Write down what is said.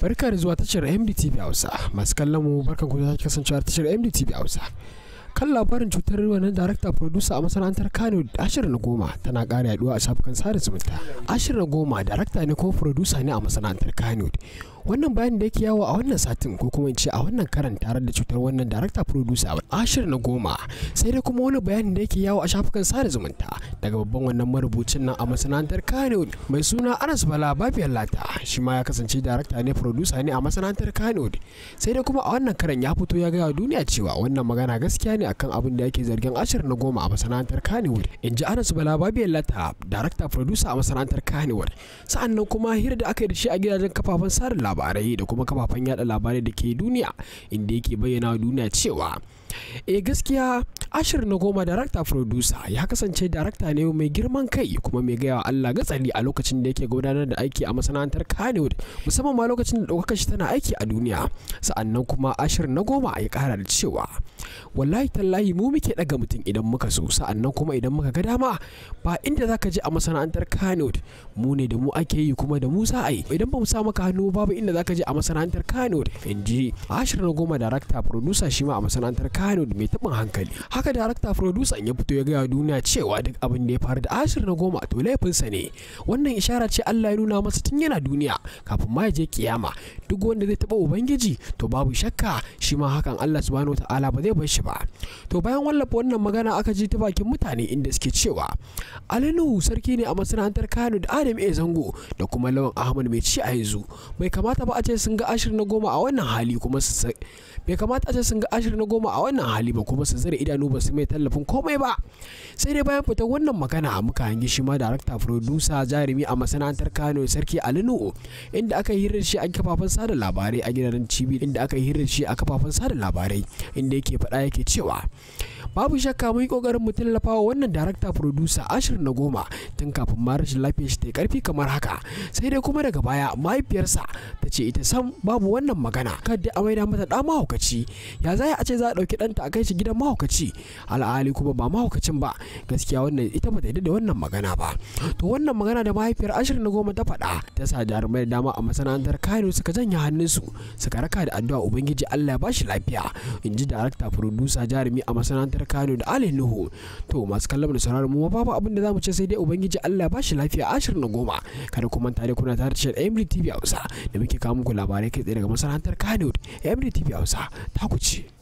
barka da zuwa tashar mdtv hausa masu kallon mu barkan ku da kasancewa tashar mdtv hausa kan labarin cutar wannan darakta producer a masana'antar kano ashir na goma tana ƙara yaduwa a shafukan sada zumunta ashir na goma director ne ko producer ne a masana'antar kano wannan bayanin da yake yawo a wannan satin ko kuma in ce a wannan karan tare da cutar wannan director producer ashir na goma sai dai kuma wani bayanin da yake yawo a shafukan sada zumunta daga babban wannan marubucin nan a masana'antar kano mai suna anas bala babiyar lata shi ma ya kasance director ne producer ne a masana'antar kano sai dai kuma a wannan karan ya fito ya gaya duniya cewa wannan magana gaskiya ne akan abin da yake zargin ashir na goma a masana'antar kanewar in ji Anas Bala Babiyallata darakta producer a masana'antar sa'an nan kuma hira da aka yi da shi a gidajen kafafen sada labarai da kuma kafafen yada labarai da ke duniya inda yake bayyana duniya cewa e gaskiya ashir na goma darakta producer ya kasance darakta ne mai girman kai kuma mai gaya wa Allah gatsali a lokacin da yake gudanar da aiki a masana'antar kanewar musamman ma lokacin da ɗaukakar shi tana aiki a duniya sa'an nan kuma ashir na goma ya kara da cewa wallahi tallahi mu muke daga mutum idan muka so sa'annan kuma idan muka ga dama ba inda zaka je a masana'antar Kano mu ne da mu ake yi kuma da mu za a yi idan ba mu sa maka hannu babu inda zaka je a masana'antar Kano inji Ashir na goma director producer shi ma a masana'antar Kano mai tabin hankali haka director producer ya fito ya ga duniya cewa duk abin da ya faru da Ashir na goma to laifin sa ne wannan ishara ce Allah ya nuna masa tun yana duniya kafin ma ya je kiyama duk wanda zai taba ubangiji to babu shakka shi ma hakan Allah subhanahu wataala ba zai bar shi ba to bayan wallafa wannan magana aka ji ta bakin mutane inda suke cewa alinu sarki ne a masana'antar kano da adam a zango da kuma lawan ahmad mai ci a yanzu bai kamata ba a ce sun ga ashirin na goma a wannan hali kuma su bai kamata a ce sun ga ashirin na goma a wannan hali ba kuma su zira idanu ba su mai tallafin komai ba sai dai bayan fita wannan magana muka hangi shi ma darakta producer jarumi a masana'antar kano sarki alinu inda aka yi hirar shi a kafafen sada labarai a gidan cibiyar inda aka yi hirar shi a kafafen sada labarai inda yake faɗa Arequichua. babu shakka mun yi kokarin mu tallafa wa wannan darakta producer ashir na goma tun kafin ma rashin lafiyar shi ta yi karfi kamar haka sai dai kuma daga baya mahaifiyarsa ta ce ita sam babu wannan magana kadda a maida mata da mahaukaci ya za a ce za a ɗauki ɗanta a kai shi gidan mahaukaci al'ali kuma ba mahaukacin ba gaskiya wannan ita bata ta da wannan magana ba to wannan magana da mahaifiyar ashir na goma ta faɗa ta sa jarumai da dama a masana'antar kano suka janye hannunsu suka raka da addu'a ubangiji allah ya bashi lafiya in ji darakta producer jarumi a masana'antar Tahir Kano da Ali Nuhu to masu kallon da sauraron mu babu abin da zamu ce sai dai ubangiji Allah ya bashi lafiya ashir na goma kada ku manta dai kuna tare da shirin MD TV Hausa da muke kawo muku labarai kai tsaye daga masana'antar Kano Emily TV Hausa ta ku ce